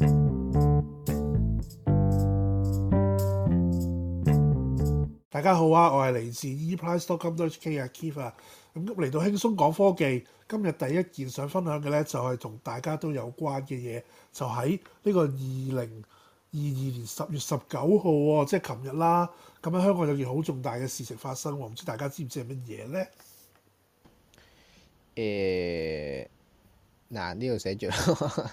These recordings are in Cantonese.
大家好、e、com, k, 啊！我係嚟自 ePrice.com.hk 嘅 Kiva 咁嚟到輕鬆講科技。今日第一件想分享嘅咧，就係同大家都有關嘅嘢，就喺、是、呢個二零二二年十月十九號啊，即係琴日啦。咁喺香港有件好重大嘅事情發生，唔知大家知唔知係乜嘢咧？誒、欸。嗱，呢度寫住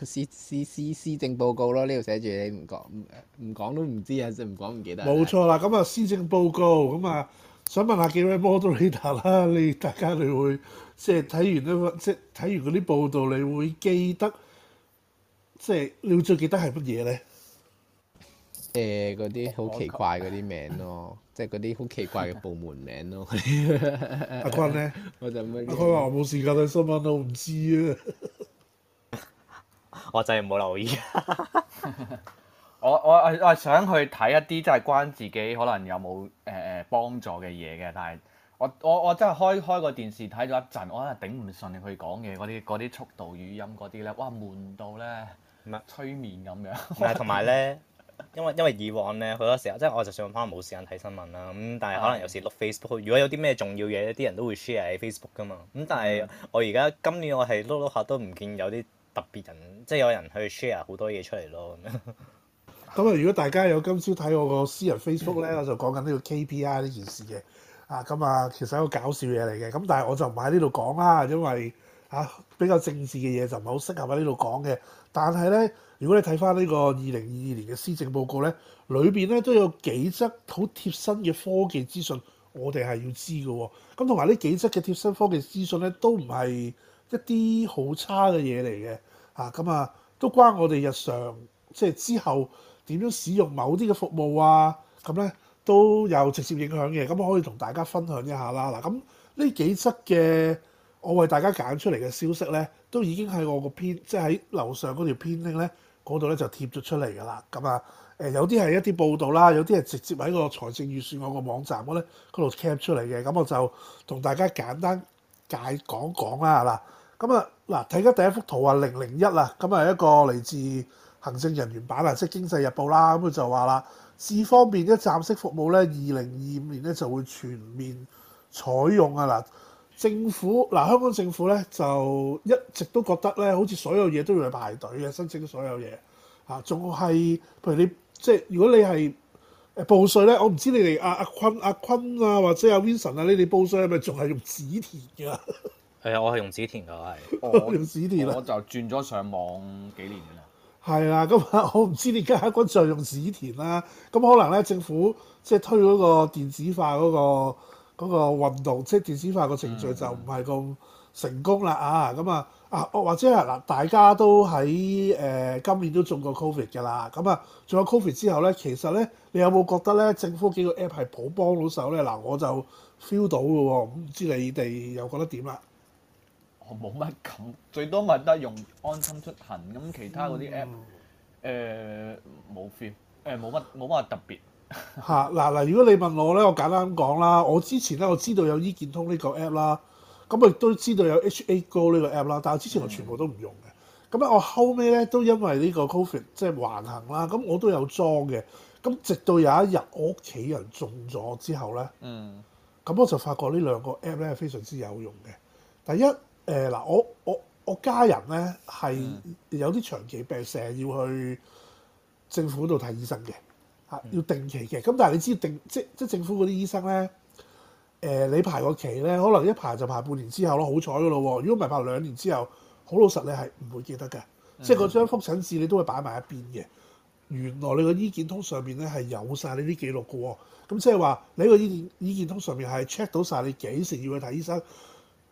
施施施施政報告咯，呢度寫住你唔講唔唔講都唔知啊，即係唔講唔記得。冇錯啦，咁啊、嗯，施政報告咁啊，想問下幾位 moderator 啦，你大家你會即係睇完呢個即係睇完嗰啲報道，你會記得即係你會最記得係乜嘢咧？嘅嗰啲好奇怪嗰啲名咯，香港 即係嗰啲好奇怪嘅部門名咯。 阿君咧，我就唔明。佢話：冇時間，睇新聞我唔知啊。我， 我真係冇留意 我。我我我係想去睇一啲真係關自己可能有冇誒誒幫助嘅嘢嘅，但係我我我真係開開個電視睇咗一陣，我係頂唔順佢講嘅嗰啲啲速度語音嗰啲咧，哇悶到咧，唔係催眠咁樣。同埋咧。 因為因為以往咧好多時候，即係我就算翻冇時間睇新聞啦，咁但係可能有時碌 Facebook，如果有啲咩重要嘢咧，啲人都會 share 喺 Facebook 噶嘛。咁但係我而家今年我係碌碌下都唔見有啲特別人，即係有人去 share 好多嘢出嚟咯。咁啊、嗯，如果大家有今朝睇我個私人 Facebook 咧，我就講緊呢個 KPI 呢件事嘅。啊，咁啊，其實係一個搞笑嘢嚟嘅，咁但係我就唔喺呢度講啦，因為。嚇比較政治嘅嘢就唔係好適合喺呢度講嘅，但係咧，如果你睇返呢個二零二二年嘅施政報告咧，裏邊咧都有幾則好貼身嘅科技資訊，我哋係要知嘅、哦。咁同埋呢幾則嘅貼身科技資訊咧，都唔係一啲好差嘅嘢嚟嘅。嚇、啊、咁啊，都關我哋日常，即係之後點樣使用某啲嘅服務啊，咁咧都有直接影響嘅。咁可以同大家分享一下啦。嗱、啊，咁呢幾則嘅。我為大家揀出嚟嘅消息咧，都已經喺我個編，即係喺樓上嗰條編拎咧嗰度咧就貼咗出嚟㗎啦。咁啊，誒有啲係一啲報道啦，有啲係直接喺個財政預算案個網站嗰咧度 cap 出嚟嘅。咁我就同大家簡單解講講啊嗱。咁啊嗱，睇緊第一幅圖啊，零零一啊。咁啊，一個嚟自行政人員版藍色經濟日報啦。咁佢就話啦，事方面一站式服務咧，二零二五年咧就會全面採用啊嗱。政府嗱，香港政府咧就一直都覺得咧，好似所有嘢都要去排隊嘅，申請所有嘢啊，仲係譬如你即係如果你係報稅咧，我唔知你哋阿、啊、阿坤阿坤啊或者阿 Vincent 啊，你哋報稅係咪仲係用紙填㗎？係啊，我係用紙填㗎，係我 用紙填我就轉咗上網幾年㗎啦。係啊，咁我唔知你而家喺個上用紙填啦，咁、嗯、可能咧政府即係推嗰個電子化嗰、嗰個。嗰個運動即係電子化個程序嗯嗯就唔係咁成功啦啊！咁啊啊或者係嗱，大家都喺誒、呃、今年都中過 Covid 㗎啦。咁啊，中咗 Covid 之後咧，其實咧，你有冇覺得咧，政府幾個 app 係普幫到手咧？嗱、啊，我就 feel 到嘅喎，唔知你哋又覺得點啦？我冇乜感，最多咪得用安心出行咁，其他嗰啲 app 誒冇 feel，誒冇乜冇乜特別。嚇嗱嗱！ 如果你問我咧，我簡單咁講啦。我之前咧，我知道有醫、e、健通呢個 app 啦，咁亦都知道有 H A Go 呢個 app 啦。但係之前我全部都唔用嘅。咁咧、嗯、我後尾咧都因為呢個 Covid 即係橫行啦，咁我都有裝嘅。咁直到有一日我屋企人中咗之後咧，咁、嗯、我就發覺呢兩個 app 咧非常之有用嘅。第一誒嗱、呃，我我我家人咧係有啲長期病，成日要去政府度睇醫生嘅。要定期嘅，咁但係你知道定即即政府嗰啲醫生咧，誒、呃、你排個期咧，可能一排就排半年之後咯，好彩嘅咯喎。如果唔係排兩年之後，好老實你係唔會記得嘅，即係嗰張復診紙你都會擺埋一邊嘅。原來你個醫健通上面咧係有晒呢啲記錄嘅，咁、嗯、即係話你個醫健健通上面係 check 到晒你幾時要去睇醫生。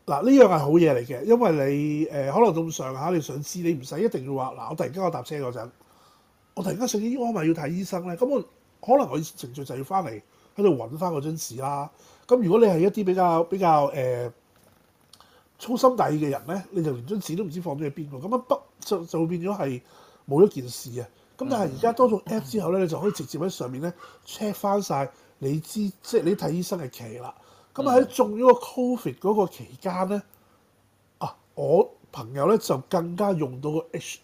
嗱呢樣係好嘢嚟嘅，因為你誒、呃、可能咁上下你想知，你唔使一定要話嗱，我突然間我搭車嗰陣。我突然間上咗醫院，我咪要睇醫生咧。咁我可能我程序就要翻嚟喺度揾翻嗰張紙啦。咁如果你係一啲比較比較誒粗心大意嘅人咧，你就連張紙都唔知放咗喺邊度，咁啊不就就會變咗係冇一件事啊。咁但係而家多咗 app 之後咧，你就可以直接喺上面咧 check 翻晒你知，即係你睇醫生嘅期啦。咁喺中咗個 covid 嗰個期間咧，啊我朋友咧就更加用到個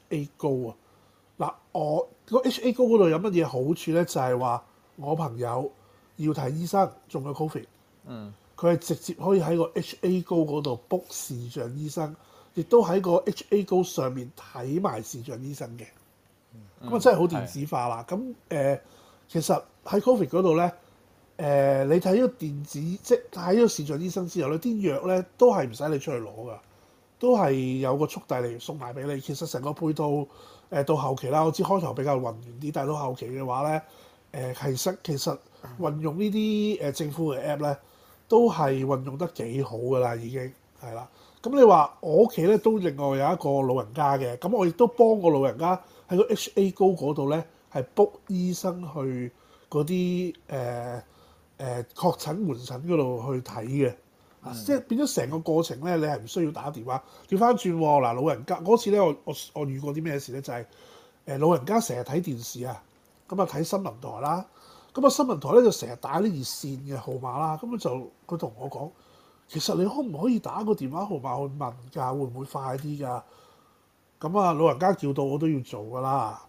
HA 高啊。嗱，我個 H A 高嗰度有乜嘢好處咧？就係、是、話我朋友要睇醫生，仲有 Covid，嗯，佢係直接可以喺個 H A 高嗰度 book 視像醫生，亦都喺個 H A 高上面睇埋視像醫生嘅。咁啊，真係好電子化啦。咁誒、嗯呃，其實喺 Covid 嗰度咧，誒、呃、你睇咗電子，即係睇咗視像醫生之後咧，啲藥咧都係唔使你出去攞噶，都係有個速遞嚟送埋俾你。其實成個配套。誒到後期啦，我知開頭比較混亂啲，但係到後期嘅話咧，誒其實其實運用呢啲誒政府嘅 app 咧，都係運用得幾好噶啦，已經係啦。咁你話我屋企咧都另外有一個老人家嘅，咁我亦都幫個老人家喺個 HA 高嗰度咧，係 book 醫生去嗰啲誒誒確診門診嗰度去睇嘅。即係變咗成個過程咧，你係唔需要打電話。調翻轉喎，嗱老人家嗰次咧，我我我遇過啲咩事咧？就係誒老人家成日睇電視啊，咁啊睇新聞台啦，咁啊新聞台咧就成日打啲熱線嘅號碼啦，咁啊就佢同我講，其實你可唔可以打個電話號碼去問㗎，會唔會快啲㗎？咁啊老人家叫到我都要做㗎啦。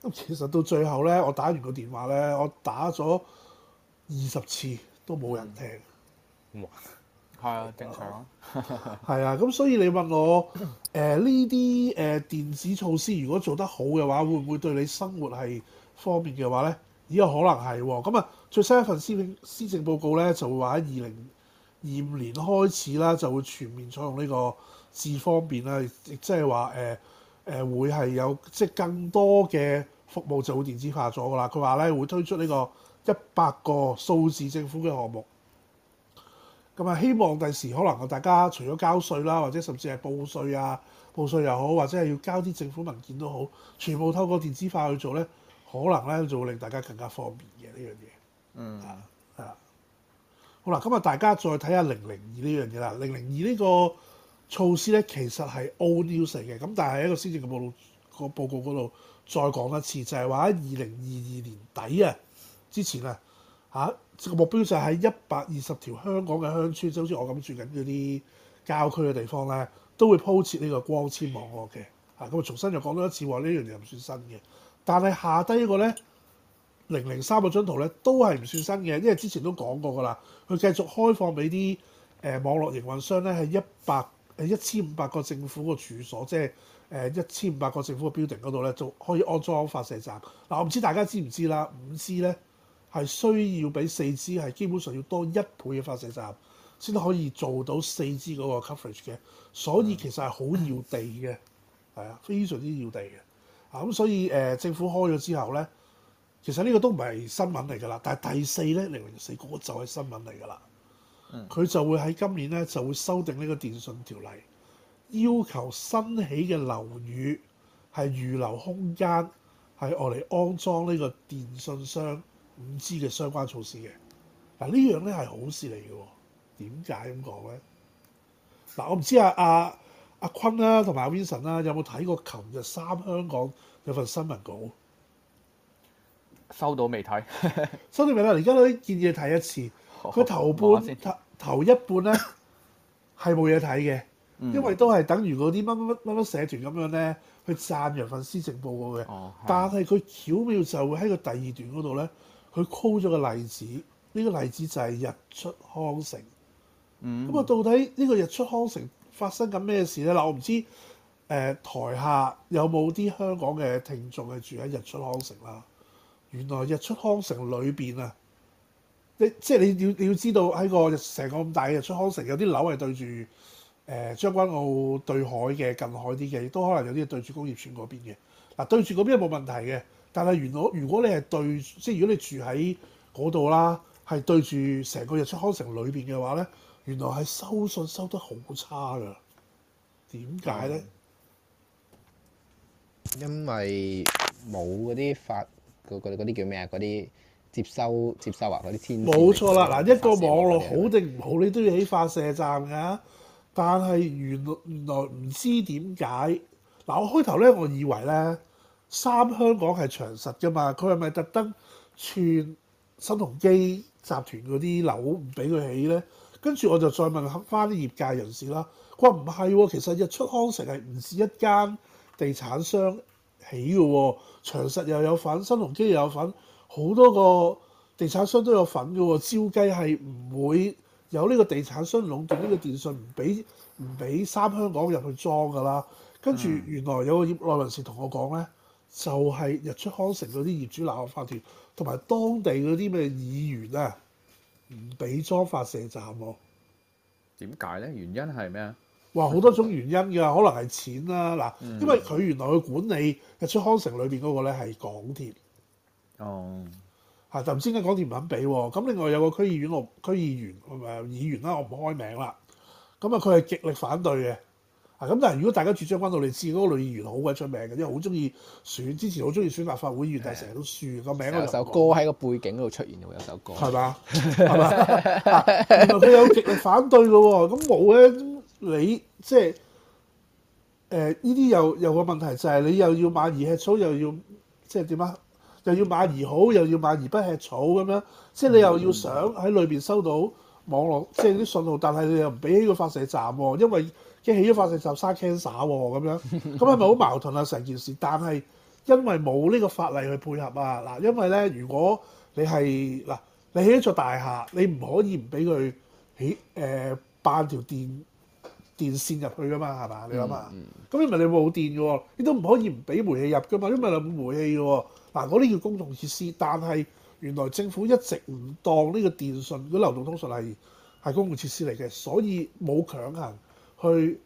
咁其實到最後咧，我打完個電話咧，我打咗二十次都冇人聽。係啊，正常啊。係 啊，咁所以你問我誒呢啲誒電子措施，如果做得好嘅話，會唔會對你生活係方便嘅話咧？咦，有可能係喎。咁啊，最新一份施政施政報告咧，就會話喺二零二五年開始啦，就會全面採用呢個智方便啦，亦、呃呃、即係話誒誒會係有即係更多嘅服務就會電子化咗噶啦。佢話咧會推出呢個一百個數字政府嘅項目。咁啊，希望第時可能大家除咗交稅啦，或者甚至係報稅啊、報稅又好，或者係要交啲政府文件都好，全部透過電子化去做咧，可能咧就會令大家更加方便嘅呢樣嘢。嗯啊，係啦。好啦，咁啊，大家再睇下零零二呢樣嘢啦。零零二呢個措施咧，其實係 old news 嚟嘅，咁但係喺一個先進嘅報個報告嗰度再講一次，就係話喺二零二二年底啊之前啊。嚇、啊，這個目標就係一百二十條香港嘅鄉村，就好似我咁住緊嗰啲郊區嘅地方咧，都會鋪設呢個光纖網絡嘅。嚇咁啊，重新又講多一次話呢樣嘢唔算新嘅。但係下低呢個咧零零三嗰張圖咧，都係唔算新嘅，因為之前都講過噶啦。佢繼續開放俾啲誒網絡營運商咧，喺一百誒一千五百個政府個處所，即係誒一千五百個政府嘅 building 嗰度咧，就可以安裝發射站。嗱、啊，我唔知大家知唔知啦。五 G 咧。係需要俾 4G 係基本上要多一倍嘅發射站先可以做到 4G 嗰個 coverage 嘅。所以其實係好要地嘅，係啊、mm.，非常之要地嘅啊。咁、嗯、所以誒、呃，政府開咗之後咧，其實呢個都唔係新聞嚟㗎啦。但係第四咧，零零四個就係新聞嚟㗎啦。佢、mm. 就會喺今年咧就會修訂呢個電訊條例，要求新起嘅樓宇係預留空間，係我嚟安裝呢個電訊箱，五 G 嘅相關措施嘅嗱，呢樣咧係好事嚟嘅，點解咁講咧？嗱，我唔知啊，阿、啊、阿坤啦、啊，同埋、啊、阿 Vincent 啦、啊，有冇睇過琴日三香港有份新聞稿？收到未睇？哈哈哈哈收到未睇？而家呢建議睇一次，佢、哦、頭半看看頭頭一半咧係冇嘢睇嘅，嗯、因為都係等於嗰啲乜乜乜乜乜社團咁樣咧去讚揚份施政報告嘅，哦、但係佢巧妙就會喺個第二段嗰度咧。佢 call 咗個例子，呢、這個例子就係日出康城。咁啊、mm，hmm。到底呢個日出康城發生緊咩事咧？嗱，我唔知誒、呃、台下有冇啲香港嘅聽眾係住喺日出康城啦。原來日出康城裏邊啊，即係、就是、你要你要知道喺個成個咁大嘅日出康城，有啲樓係對住誒將軍澳對海嘅近海啲嘅，亦都可能有啲對住工業村嗰邊嘅。嗱、呃，對住嗰邊冇問題嘅。但係原來如果你係對，即係如果你住喺嗰度啦，係對住成個日出康城裏邊嘅話咧，原來係收信收得好差嘅。點解咧？因為冇嗰啲發嗰啲叫咩啊？嗰啲接收接收啊嗰啲天線冇錯啦！嗱，一個網絡好定唔好，是是你都要起發射站㗎。但係原來原來唔知點解嗱，我開頭咧，我以為咧。三香港係長實㗎嘛？佢係咪特登串新鴻基集團嗰啲樓唔俾佢起呢？跟住我就再問翻啲業界人士啦。佢話唔係喎，其實日出康城係唔止一間地產商起嘅喎、哦？長實又有份，新鴻基又有份，好多個地產商都有份嘅喎、哦。照計係唔會有呢個地產商壟斷呢個電信唔俾唔俾三香港入去裝㗎啦。跟住原來有個業內、嗯、人士同我講呢。就係日出康城嗰啲業主鬧法團，同埋當地嗰啲咩議員啊，唔俾裝發射站喎、啊？點解咧？原因係咩啊？哇，好多種原因㗎，可能係錢啦。嗱，因為佢原來去管理日出康城裏邊嗰個咧係港鐵。哦、嗯。嚇，唔知點解港鐵唔肯俾喎、啊，咁另外有個區議員，我區議員誒議員啦，我唔開名啦。咁啊，佢係極力反對嘅。咁，但係如果大家住將軍澳，你知前嗰個女議員好鬼出名嘅，因為好中意選，之前好中意選立法會議員，的但係成日都輸，個名嗰首歌喺個背景度出現嘅，會有首歌，係嘛？係嘛？佢、 啊、有極力反對嘅喎，咁冇咧，你即係誒呢啲又有個問題就係你又要馬兒吃草，又要即係點啊？又要馬兒好，又要馬兒不吃草咁樣，即係你又要想喺裏邊收到網絡即係啲信號，但係你又唔俾呢個發射站喎，因為。即係起咗發射就生 cancer 喎咁樣，咁係咪好矛盾啊成件事？但係因為冇呢個法例去配合啊嗱，因為咧，如果你係嗱，你起一座大廈，你唔可以唔俾佢起誒辦、呃、條電電線入去噶嘛，係嘛？你諗下，咁、嗯嗯、因為你冇電嘅、啊，你都唔可以唔俾煤氣入噶嘛，因為你冇煤氣嘅嗱、啊，嗰、啊、啲叫公共設施。但係原來政府一直唔當呢個電信嗰流動通訊係係公共設施嚟嘅，所以冇強行。去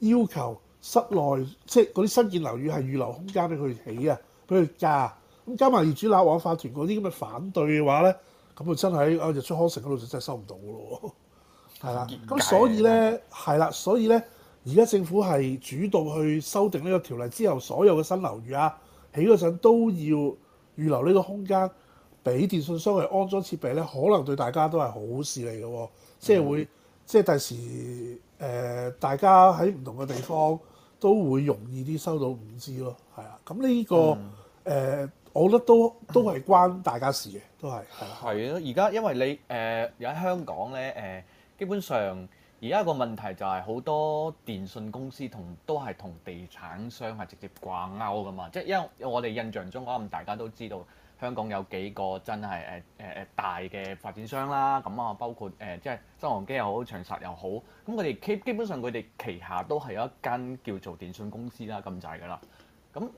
要求室內即係嗰啲新建樓宇係預留空間俾佢起啊，俾佢加啊。咁加埋業主立案法團嗰啲咁嘅反對嘅話咧，咁啊真係啊日出康城嗰度就真係收唔到嘅咯。係啦，咁、嗯、所以咧係啦，所以咧而家政府係主動去修訂呢個條例之後，所有嘅新樓宇啊起嗰陣都要預留呢個空間俾電信商去安裝設備咧，可能對大家都係好事嚟嘅喎。即係會、嗯、即係第時。誒、呃，大家喺唔同嘅地方都會容易啲收到五 G 咯，係、這、啊、個，咁呢個誒，我覺得都都係關大家事嘅，都係係啊。啊，而家因為你誒，而、呃、喺香港咧誒、呃，基本上而家個問題就係好多電信公司同都係同地產商係直接掛鈎噶嘛，即係因為我哋印象中可能大家都知道。香港有幾個真係誒誒大嘅發展商啦，咁啊包括誒、呃、即係新鴻基又好，長實又好，咁佢哋基本上佢哋旗下都係有一間叫做電信公司啦，咁就係噶啦。咁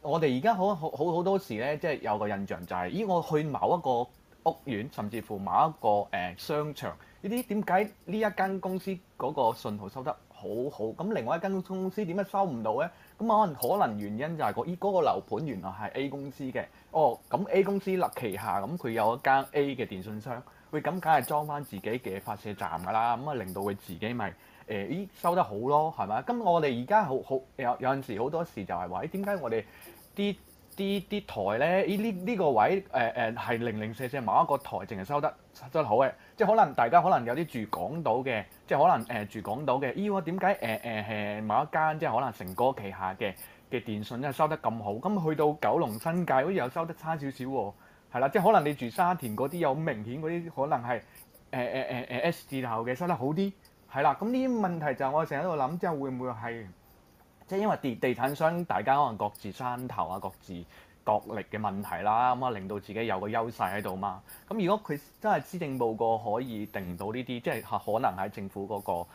我哋而家好好好多時呢，即係有個印象就係、是，咦我去某一個屋苑，甚至乎某一個誒、呃、商場，呢啲點解呢一間公司嗰個信號收得？好好，咁另外一間公司點解收唔到呢？咁可能可能原因就係，個咦嗰個樓盤原來係 A 公司嘅，哦咁 A 公司立旗下咁佢有一間 A 嘅電信商，喂咁梗係裝翻自己嘅發射站㗎啦，咁啊令到佢自己咪誒咦收得好咯，係咪？咁我哋而家好好有有陣時好多時就係話，誒點解我哋啲啲啲台咧，依呢呢個位誒誒係零零四四，某一個台淨係收得收得好嘅，即係可能大家可能有啲住港島嘅，即係可能誒、呃、住港島嘅，咦喎點解誒誒誒某一間即係可能成哥旗下嘅嘅電訊真係收得咁好，咁去到九龍新界好似又收得差少少喎，係啦，即係可能你住沙田嗰啲有明顯嗰啲可能係誒誒誒誒 S 字頭嘅收得好啲，係啦，咁呢啲問題就我成日喺度諗，即係會唔會係？因為地地產商，大家可能各自山頭啊，各自角力嘅問題啦，咁、嗯、啊令到自己有個優勢喺度嘛。咁、嗯、如果佢真係施政報告可以定到呢啲，即係可能喺政府嗰、那個誒誒、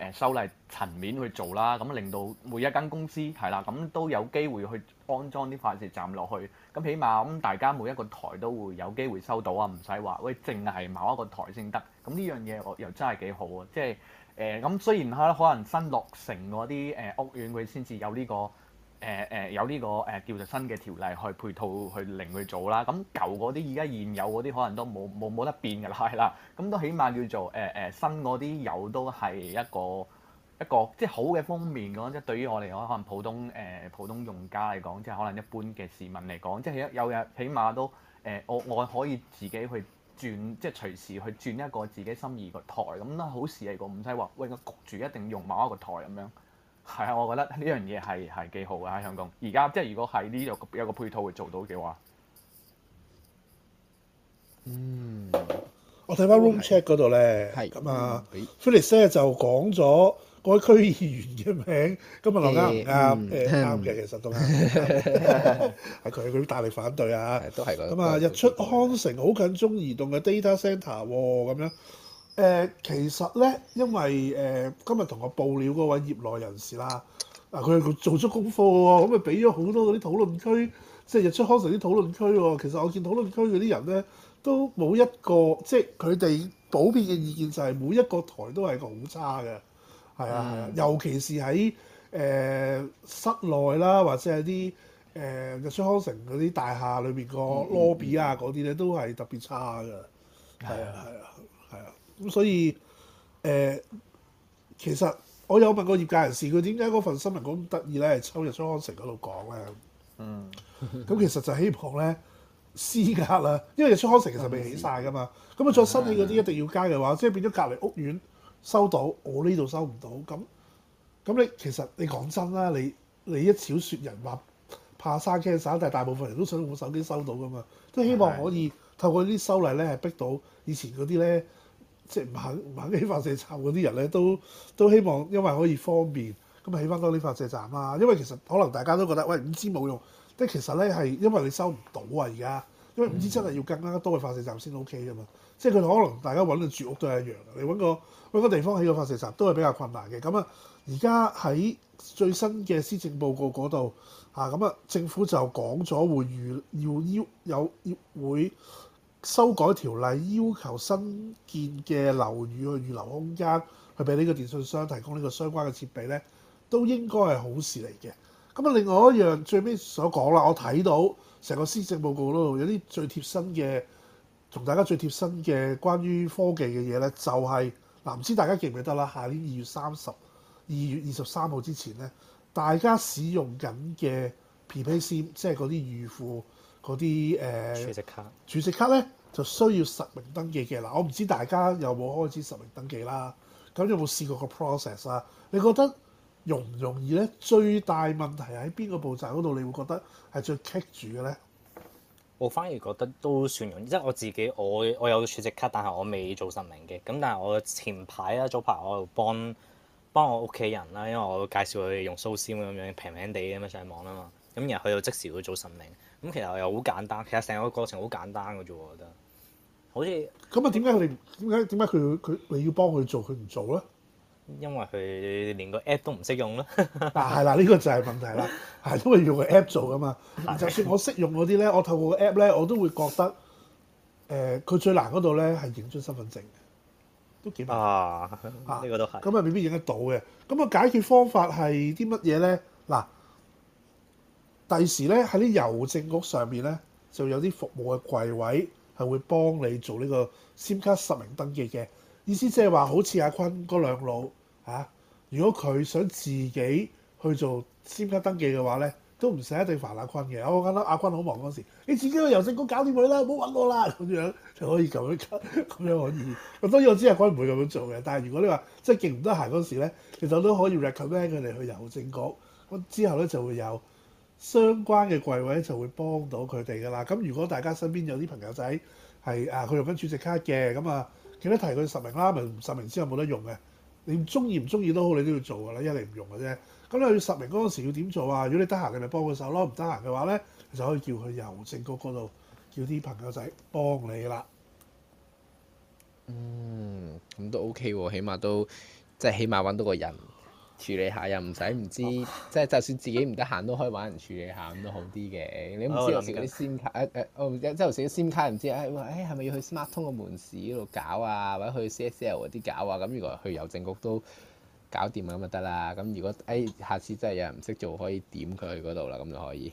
呃、修例層面去做啦，咁、嗯、令到每一間公司係啦，咁、嗯、都有機會去安裝啲發射站落去。咁、嗯、起碼咁、嗯、大家每一個台都會有機會收到啊，唔使話喂淨係某一個台先得。咁、嗯、呢樣嘢我又，又真係幾好啊，即係。誒咁、呃、雖然係，可能新落成嗰啲誒屋苑佢先至有呢個誒誒、呃呃、有呢個誒叫做新嘅條例去配套去令佢做啦。咁舊嗰啲，而家現有嗰啲可能都冇冇冇得變㗎喇。係喇。咁、嗯、都起碼叫做誒誒、呃呃、新嗰啲有，都係一個一個即係好嘅方面咁。即係對於我嚟講，可能普通誒、呃、普通用家嚟講，即係可能一般嘅市民嚟講，即係有日起碼都誒、呃、我我可以自己去。轉即係隨時去轉一個自己心意個台咁啦，好時係個咁即係話，喂個焗住一定用某一個台咁樣，係啊，我覺得呢樣嘢係係幾好嘅喺香港。而家即係如果喺呢度有個配套會做到嘅話，嗯，我睇翻 room check 嗰度咧，係咁啊 Phyllis 就講咗。改區議員嘅名今，今日落家唔啱誒啱嘅，其實，嗯、其實都係係佢佢大力反對啊！都係咁啊！麼那個、日出康城好近中移動嘅 data centre 喎、啊，咁樣誒、欸、其實咧，因為誒、欸、今日同我報料嗰位業內人士啦，啊佢佢做足功課喎、啊，咁咪俾咗好多嗰啲討論區，即係日出康城啲討論區喎、啊。其實我見討論區嗰啲人咧，都冇一個即係佢哋普遍嘅意見就係每一個台都係個好差嘅。係啊，尤其是喺誒、呃、室內啦，或者係啲誒日出康城嗰啲大廈裏邊個 lobby 啊嗰啲咧，都係特別差㗎。係啊，係啊，係啊。咁、啊、所以誒、呃，其實我有問過業界人士，佢點解嗰份新聞咁得意咧？係抽日出康城嗰度講咧。嗯。咁其實就希望咧私家啦，因為日出康城其實未起晒㗎嘛。咁啊、嗯，再新起嗰啲一定要加嘅話，啊嗯、即係變咗隔離屋苑。收到，我呢度收唔到，咁咁你其實你講真啦，你你一小撮人話怕生 cancer，但係大部分人都想用手機收到噶嘛，都希望可以透過呢啲修例咧，係逼到以前嗰啲咧即係唔肯唔肯起發射站嗰啲人咧，都都希望因為可以方便咁啊起翻多啲發射站啊，因為其實可能大家都覺得喂，五 G 冇用，即其實咧係因為你收唔到啊而家，因為五 G 真係要更加多嘅發射站先 OK 噶嘛。即係佢可能大家揾個住屋都係一樣，你揾個，個地方起個發射站都係比較困難嘅。咁啊，而家喺最新嘅施政報告嗰度啊，咁啊，政府就講咗會預要要有要，要會修改條例，要求新建嘅樓宇去預留空間，去俾呢個電訊商提供呢個相關嘅設備咧，都應該係好事嚟嘅。咁啊，另外一樣最尾所講啦，我睇到成個施政報告度有啲最貼身嘅。同大家最貼身嘅關於科技嘅嘢咧，就係嗱，唔知大家記唔記得啦？下年二月三十二月二十三號之前咧，大家使用緊嘅 PPC 即係嗰啲預付嗰啲誒儲值卡，儲值卡咧就需要實名登記嘅嗱。我唔知大家有冇開始實名登記啦？咁有冇試過個 process 啊？你覺得容唔容易咧？最大問題喺邊個步驟嗰度，你會覺得係最棘住嘅咧？我反而覺得都算容易，即係我自己，我我有儲值卡，但係我未做實名嘅。咁但係我前排啊，早排我又幫幫我屋企人啦，因為我介紹佢用 SoSIM 咁樣平平地咁樣上網啊嘛。咁然後佢又即時會做實名。咁其實我又好簡單，其實成個過程好簡單嘅啫。我覺得好似咁啊，點解你點解點解佢佢你要幫佢做，佢唔做咧？因為佢連個 app 都唔識用咯，但係嗱呢個就係問題啦，係都會用個 app 做噶嘛。 就算我識用嗰啲咧，我透過個 app 咧，我都會覺得誒，佢、呃、最難嗰度咧係影張身份證，都幾難啊！呢、這個都係咁啊，未必影得到嘅。咁、嗯、啊，解決方法係啲乜嘢咧？嗱、啊，第時咧喺啲郵政局上面咧就有啲服務嘅櫃位係會幫你做呢個 SIM 卡實名登記嘅。意思即係話，好似阿坤嗰兩老嚇、啊，如果佢想自己去做簽卡登記嘅話咧，都唔使一定煩阿坤嘅。我覺得阿坤好忙嗰時，你自己去郵政局搞掂佢啦，唔好搵我啦咁樣，就可以咁樣咁樣可以。咁 當然我知阿坤唔會咁樣做嘅，但係如果你話即係勁唔得閒嗰時咧，其實都可以 recommend 佢哋去郵政局。咁之後咧就會有相關嘅櫃位就會幫到佢哋噶啦。咁如果大家身邊有啲朋友仔係啊，佢用緊儲值卡嘅咁啊～記得提佢實名啦，咪實名之後冇得用嘅。你中意唔中意都好，你都要做噶啦，一嚟唔用嘅啫。咁你去實名嗰陣時要點做啊？如果你得閒嘅就幫佢手咯，唔得閒嘅話咧，你就可以叫佢郵政局嗰度叫啲朋友仔幫你啦。嗯，咁都 OK 喎、啊，起碼都即係起碼揾到個人。處理下又唔使唔知，即係、oh. 就，就算自己唔得閒都可以揾人處理下，咁都好啲嘅。你唔知我頭嗰啲 SIM 卡，誒誒，哦、呃、唔、呃、知即係有先啲 SIM 卡唔知啊，喂、哎，話誒係咪要去 Smart 通個門市嗰度搞啊，或者去 CSL 嗰啲搞啊？咁如果去郵政局都搞掂咁就得啦。咁如果誒、哎、下次真係有人唔識做，可以點佢去嗰度啦，咁就可以。